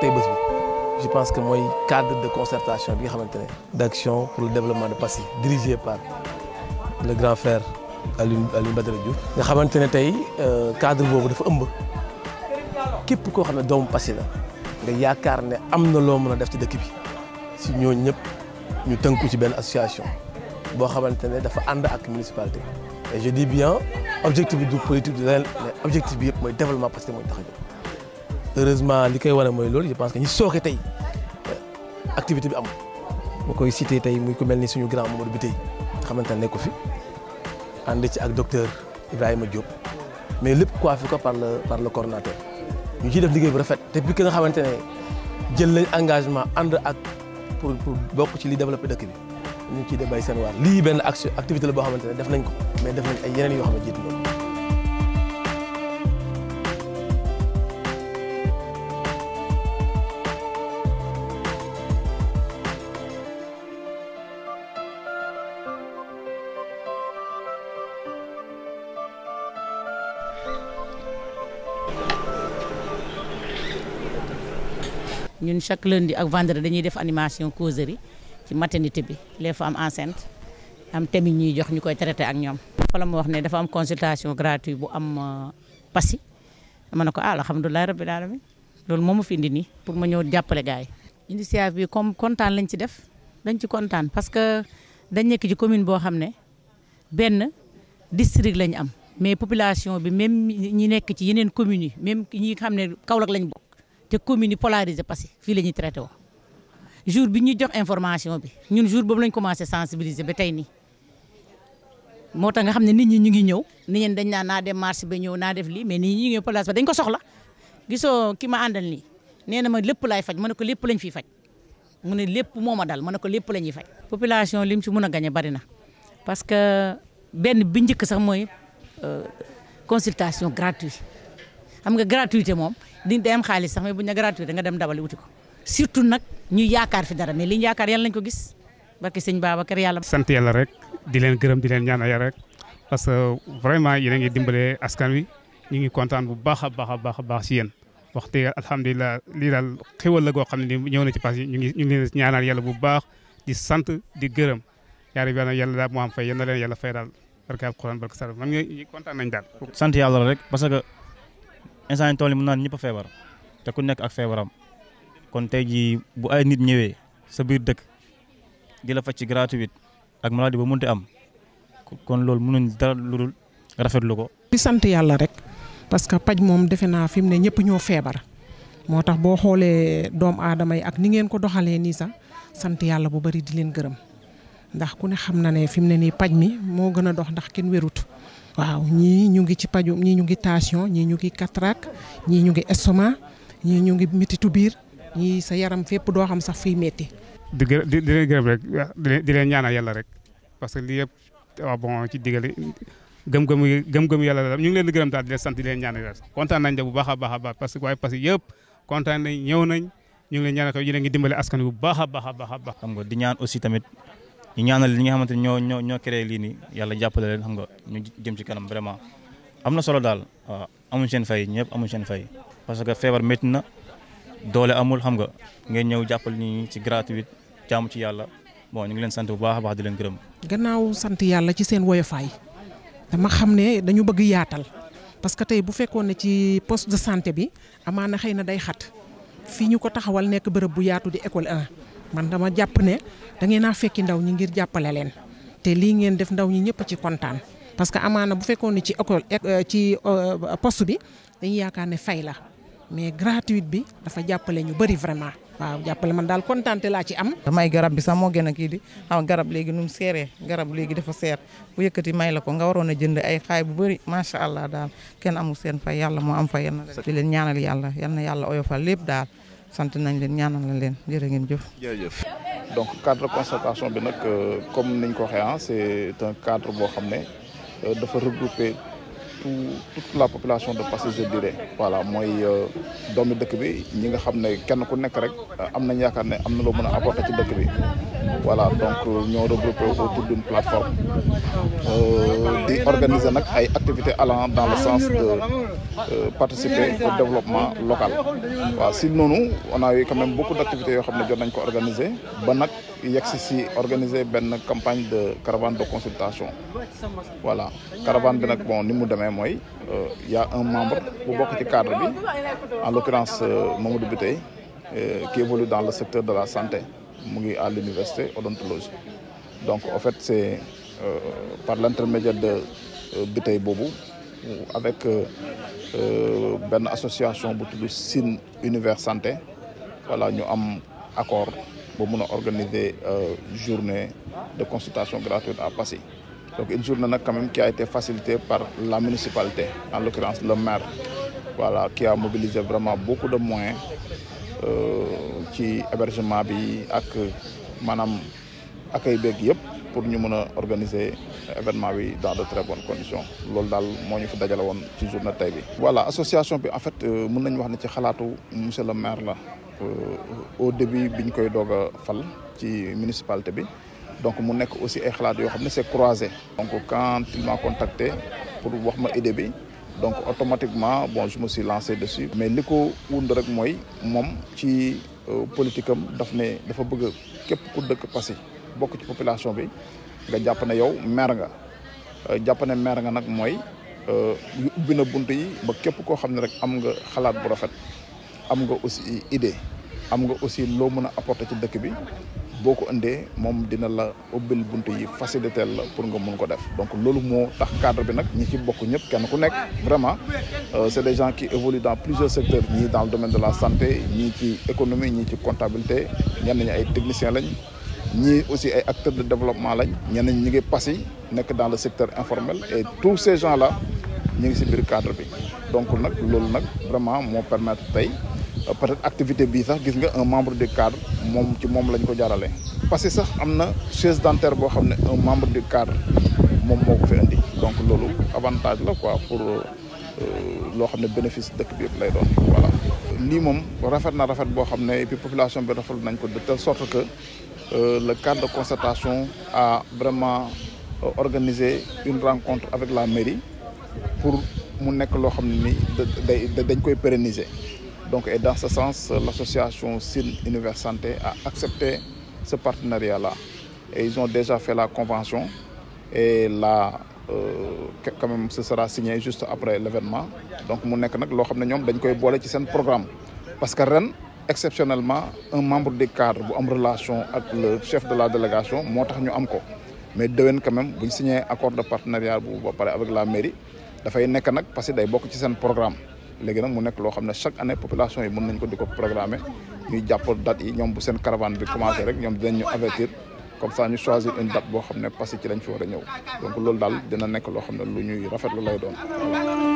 tey bés je pense que mooy cadre de concertation bi nga xamante ne d' pour le développement de Passy dirigé par le grand frère Alioune Alioune Badara Diouf nga xamante ne tey euh, cadre boobu dafa ëmb képp koo xam ne doomu Passy la nga yaakaar ne am na loo mën a def ci dëkk bi si ñoo ñëpp ñu tënku ci benn association boo xamante ne dafa ànd ak municipalité et je dis bien objectif bi du politique du leneen mais objectif bi yëpp mooy développement Passy mooy tax heureusement li koy wane mooy loolu je pense que ñi sooxe tey activité bi am ma koy cité tey muy ko mel ni suñu grand Mamadou bi tey xamante ne ko fi ànd ci ak docteur Ibrahima Diop mais lépp coiffé ko par le par le coordonnateur ñu ci def liggéey bu rafet te bi ki nga xamante ne jël nañ engagement and ak pour pour bokk ci li développé dëkk bi ñu ci ciy def bay seen waar lii benn action activité la boo xamante ne def nañ ko mais def nañ ay yeneen yoo xam ñun chaque lundi ak vendredi dañuy def animation causerie ci maternité bi les femmes enceintes am thème yi ñuy jox ñu koy traité ak ñoom. fa la ma wax ne dafa am consultation gratuite bu am euh, Passy ma ne ko ah alhamdulilah rabbil alamin loolu moom ma fi indi nii pour ma ñëw jàppale gars yi. initiative bi comme kontaan lañ ci def dañ ci kontaan parce que dañ nekk ci commune boo xam ne benn district lañ am mais population bi même ñi nekk ci yeneen commune yi même ñi xam ne Kaolack lañ te commune yi polarisé parce que fii la ñuy traité woo jour bi ñuy jox information bi ñun jour boobu lañ commencé sensibiliser ba tey nii moo tax nga xam ne nit ñi ñu ngi ñëw nit ñeen dañ naan naa dem marché ba ñëw naa def lii mais nit ñi ñu ngi place ba dañ ko soxla gisoo ki ma àndal nii nee na ma lépp laay faj ma ne ko lépp lañ fiy faj mu ne lépp moo ma dal ma ne ko lépp la ñuy faj. population lim ci mën a gañe bari na parce que benn bi njëkk sax mooy euh, consultation gratuite xam nga gratuité moom. di day am xaalis sax mais bu ñu gratuit da nga dem dabali wuti ko surtout nag ñu yaakaar fi dara mais li ñu yaakaar yàlla nañ ko gis barke sëñ Babacar yàlla. sant yàlla rek di leen gërëm di leen ñaanal yàlla rek parce que vraiment yéen a ngi dimbale askan wi ñu ngi kontaan bu baax a baax a baax a baax si yéen wax dëgg alhamdulilah lii daal xéwal la goo xam ne ñëw na ci pass yi ñu ngi ñu ngi yàlla bu baax di sant di gërëm yaari bi yàlla daal moo am fay yéen na leen yàlla fay daal barke alquran barke sara man ngi kontaan nañ daal. sant yàlla rek instant tool yi mën naa ne ñëpp a feebar te ku nekk ak feebaram kon tey jii bu ay nit ñëwee sa biir dëkk jëla la faj ci gratuit ak maladie ba mënti am kon loolu mënuñ dara lu dul rafetlu ko. di sant yàlla rek parce que paj moom defe naa fi mu ne ñëpp ñoo feebar moo tax boo xoolee doomu aadama yi ak ni ngeen ko doxalee nii sax sant yàlla bu bari di leen gërëm ndax ku ne xam na ne fi mu ne nii paj mi moo gën a dox ndax kenn wérut. waaw ñii ñu ngi ci paju ñii ñu ngi tension ñii ñu ngi cataracte ñii ñu ngi estomac ñii ñu ngi métitu biir ñii sa yaram fépp doo xam sax fiy métti. di gë di gërëm rek di leen ñaanal ci digale gëm-gëm yi la sant di leen ñaanal yàlla kontaan nañ de bu baax a baax a baax parce que waaye parce que yëpp kontaan nañ ñëw nañ ñu ngi leen ñaanal ko yéen ngi dimbale askan wi bu baax a baax baax a baax. xam nga di ñaan aussi tamit ñu ñaanal li nga xamante ni ñoo ñoo ñoo créé lii nii yàlla jàppale leen xam nga ñu jëm ci kanam vraiment am na solo daal waaw amuñ seen fay ñëpp amuñ seen fay parce que feebar métti na doole amul xam nga ngeen ñëw jàppal ni ci gratuit jaamu ci yàlla moo ñu ngi leen sant bu baax a baax di leen gërëm. gannaaw sant yàlla ci seen woyofaay dama xam ne dañu bëgg yaatal parce que tey bu fekkoon ne ci poste de santé bi amaana xëy na day xat fii ñu ko taxawal nekk bërëb bu yaatu di école 1. man dama jàpp ne da ngeen fekki ndaw ñi ngir jàppale leen te lii ngeen def ndaw ñi ñëpp ci kontaan parce que amaana bu fekkoon ne ci école eh, euh, ci euh, post bi dañuy yaakaar ne fay la mais gratuite bi dafa jàppale ñu bari vraiment. waaw jàppale man daal kontaante laa ci am. damay garab bi sax moo gën a kii di xam garab léegi nu mu seeree garab léegi dafa seer bu yëkkati may la ko nga waroon a jënd ay xaay bu bari macha allah daal kenn amul seen fay yàlla moo am fay yal na leen ñaanal yàlla yal na yàlla oyofal lépp daal. sant nañ leen ñaanal la leen jërë ngeen jëf. jërëjëf donc cadre concertation bi nag euh, comme niñ ko waxee ah c'est un boo xam ne euh, dafa regrouper tout toute la population de Passy je dirais voilà mooy euh, doomi dëkk bi ñi nga xam ne kenn ku nekk rek euh, am nañ yaakaar ne am na loo mën a ci dëkk bi voilà donc euh, ñoo regroupé autour d'une plateforme di organiser nag ay activités allant dans le sens de participer au développement local waaw si noonu ona a eu quand même beaucoup d'activités yoo xam ne jot nañ ko organiser ba nag yegsi si organiser benn campagne de caravane de consultation voilà caravane bi nag bon ni mu demee mooy euh, y a un membre bu bokk ci cadre bi en l'occurrence euh, Mamadou Biteye euh, qui évolue dans le secteur de la santé mu ngi à l'université odontologie donc en fait c'est par l'intermédiaire de Biteye boobu avec benn association bu tudd Sine Univers Santé voilà ñu am accord boo mun a organiser euh, journée de consultation gratuite à Passy donc une journée nag quand même qui a été facilité par la municipalité en l'occurrence le maire voilà qui a mobilisé vraiment beaucoup de moyens euh, ci hébergement bi ak maanaam accueil beeg yëpp pour ñu mën a organiser événement bi dans de très bonnes conditions loolu daal moo ñu fi dajale woon ci journée tey bi. wala association bi en fait euh, mën nañu wax ne ci xalaatu monsieur le maire la. Euh, au début biñ koy doog a ci municipalité bi donc mu nekk aussi ay xalaat yoo xam ne c'est croisé donc quand il m'a contacté pour wax ma idée bi donc automatiquement bon je si suis lancé dessus mais li ko wund rek mooy moom ci euh, politique am daf ne dafa bëgg képp ku dëkk Passy bokk ci population bi nga jàpp ne yow maire nga euh, jàpp ne maire nga nag mooy ubbi na bunt yi ba képp koo xam ne rek am nga xalaat bu rafet am nga aussi idée am nga aussi loo mën a apporter ci dëkk bi boo ko indee moom dina la ubbil bunt yi facilité la pour nga mun ko def donc loolu moo tax cadre bi nag ñi ci bokk ñëpp kenn ku nekk vraiment euh, c'est des gens qui évoluent dans plusieurs secteurs ñii dans le domaine de la santé ñii ci économie ñi ci comptabilité ñenn ñi ay technicien lañ ñii aussi ay acteurs de développement lañ ñenn ñi ngi passé nekk dans le secteur informel et tous ces gens ñu ngi ci biir cadre bi donc nag loolu nag vraiment moo permettre tey peut-être activité bii sax gis nga un membre du cadre moom ci moom lañ ko jaarale parce que sax am na chaise dentaire boo xam ne un membre du cadre moom moo ko fi donc loolu avantage la quoi pour euh, loo xam ne bénéfice dëkk bi lay doon voilà. moom rafet na rafet boo xam ne et population bi rafetlu nañ ko de telle sorte que euh, le cadre de concertation a vraiment euh, organisé une rencontre avec la mairie pour mu nekk loo xam ne ni dañ koy pérenniser. Donc, et dans ce sens, l'association SIN Univers Santé a accepter ce partenariat la Et ils ont déjà fait la convention. Et là, euh, quand même, ce sera signé juste après l'événement. Donc, boole ci seen programme. Parce que ren exceptionnellement, un membre des bu am relation ak le chef de la délégation, moo nous avons mais déwén quand même bu ñu signé accord de partenariat bu ba pare avec la mairie dafay nekk nag parce que day bokk ci seen programme léegi nag mu nekk loo xam ne chaque année population yi mën nañ ko di ko programmer ñuy jàpp date yi ñoom bu seen caravane bi commencé rek ñoom dinañ ñu avertir comme ça ñu choisir une date boo xam ne parce ci lañ foofu war a ñëw donc loolu daal dina nekk loo xam ne lu rafet rafetlu lay doon